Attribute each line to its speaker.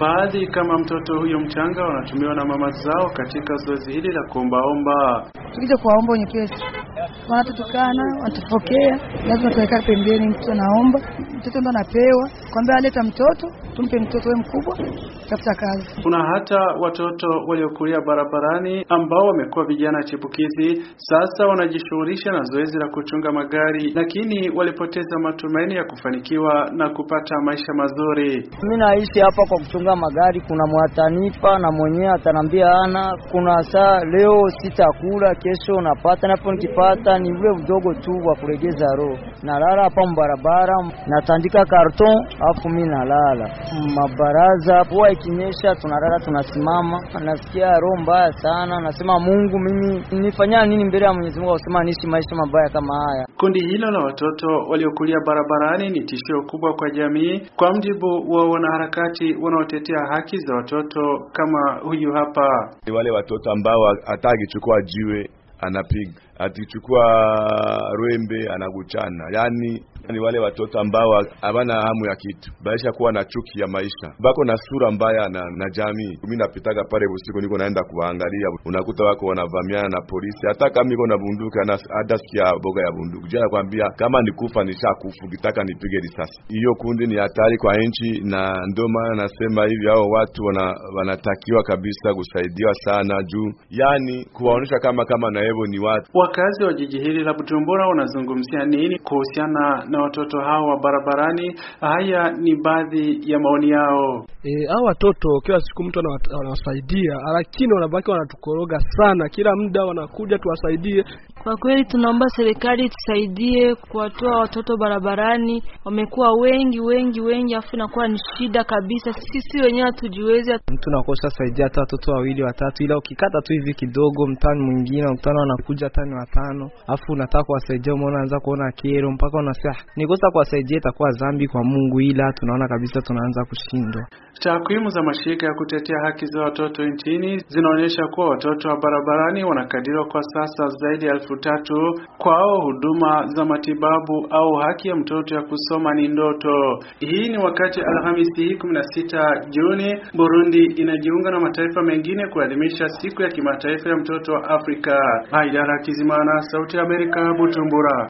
Speaker 1: Baadhi kama mtoto huyo mchanga wanatumiwa na mama zao katika zoezi hili la kuombaomba.
Speaker 2: Tukija kuwaomba wenye pesa wanatutukana, wanatupokea lazima tuweka pembeni. Mtoto anaomba, mtoto ndo anapewa, kwambia aleta mtoto, tumpe mtoto, we mkubwa kutafuta kazi.
Speaker 1: Kuna hata watoto waliokulia barabarani ambao wamekuwa vijana chipukizi, sasa wanajishughulisha na zoezi la kuchunga magari, lakini walipoteza matumaini ya kufanikiwa na kupata maisha mazuri. Mimi
Speaker 2: naishi hapa kwa kuchunga magari, kuna mwatanipa na mwenyewe atanambia ana, kuna saa leo sitakula, kesho napata, napo nikipata ni ule udogo tu wa kuregeza roho. Nalala hapa mbarabara, natandika karton afu mi nalala mabaraza poa kinyesha, tunalala tunasimama. Nasikia roho mbaya sana, nasema Mungu, mimi nifanya nini mbele ya Mwenyezi Mungu akusema niishi maisha mabaya kama haya? Kundi hilo
Speaker 1: la watoto waliokulia barabarani ni tishio kubwa kwa jamii, kwa mjibu wa wanaharakati wanaotetea haki za watoto kama huyu hapa.
Speaker 3: Ni wale watoto ambao hata akichukua jiwe anapiga, akichukua rwembe anaguchana, yaani ni wale watoto ambao hawana hamu ya kitu, baisha kuwa na chuki ya maisha, bako na sura mbaya na, na jamii. Mimi napitaga pale usiku, niko naenda kuwaangalia, unakuta wako wanavamiana na polisi, hata kama niko na bunduki na hata sikia boga ya bunduki jana, nakwambia kama nikufa nishakufu, kitaka nipige risasi. Hiyo kundi ni hatari kwa nchi, na ndio maana nasema hivi, hao watu wana, wanatakiwa kabisa kusaidiwa sana juu, yani kuwaonesha kama kama na hebo ni watu. Wakazi wa jiji hili la Bujumbura wanazungumzia
Speaker 1: nini kuhusiana na watoto hao wa barabarani. Haya ni baadhi ya maoni yao. E, hao watoto kila siku mtu anawasaidia, lakini wanabaki wanatukoroga sana, kila muda wanakuja tuwasaidie
Speaker 2: kwa kweli tunaomba serikali tusaidie kuwatoa watoto barabarani, wamekuwa wengi wengi wengi, afu inakuwa ni shida kabisa. Sisi wenyewe hatujiwezi,
Speaker 1: mtu nakosa saidia hata watoto wawili watatu, ila ukikata tu hivi kidogo, mtani mwingine mtano anakuja hata ni watano, afu unataka kuwasaidia, umeona anza kuona kero, mpaka unasema ah, nikosa kuwasaidia itakuwa dhambi kwa Mungu, ila tunaona kabisa tunaanza kushindwa. Takwimu za mashirika ya kutetea haki za watoto nchini zinaonyesha kuwa watoto wa barabarani wanakadiriwa kwa sasa zaidi ya elfu tatu tatu. Kwao huduma za matibabu au haki ya mtoto ya kusoma ni ndoto. Hii ni wakati Alhamisi hii 16 Juni Burundi inajiunga na mataifa mengine kuadhimisha siku ya kimataifa ya mtoto wa Afrika. Haidara Kizimana, Sauti ya Amerika, Bujumbura.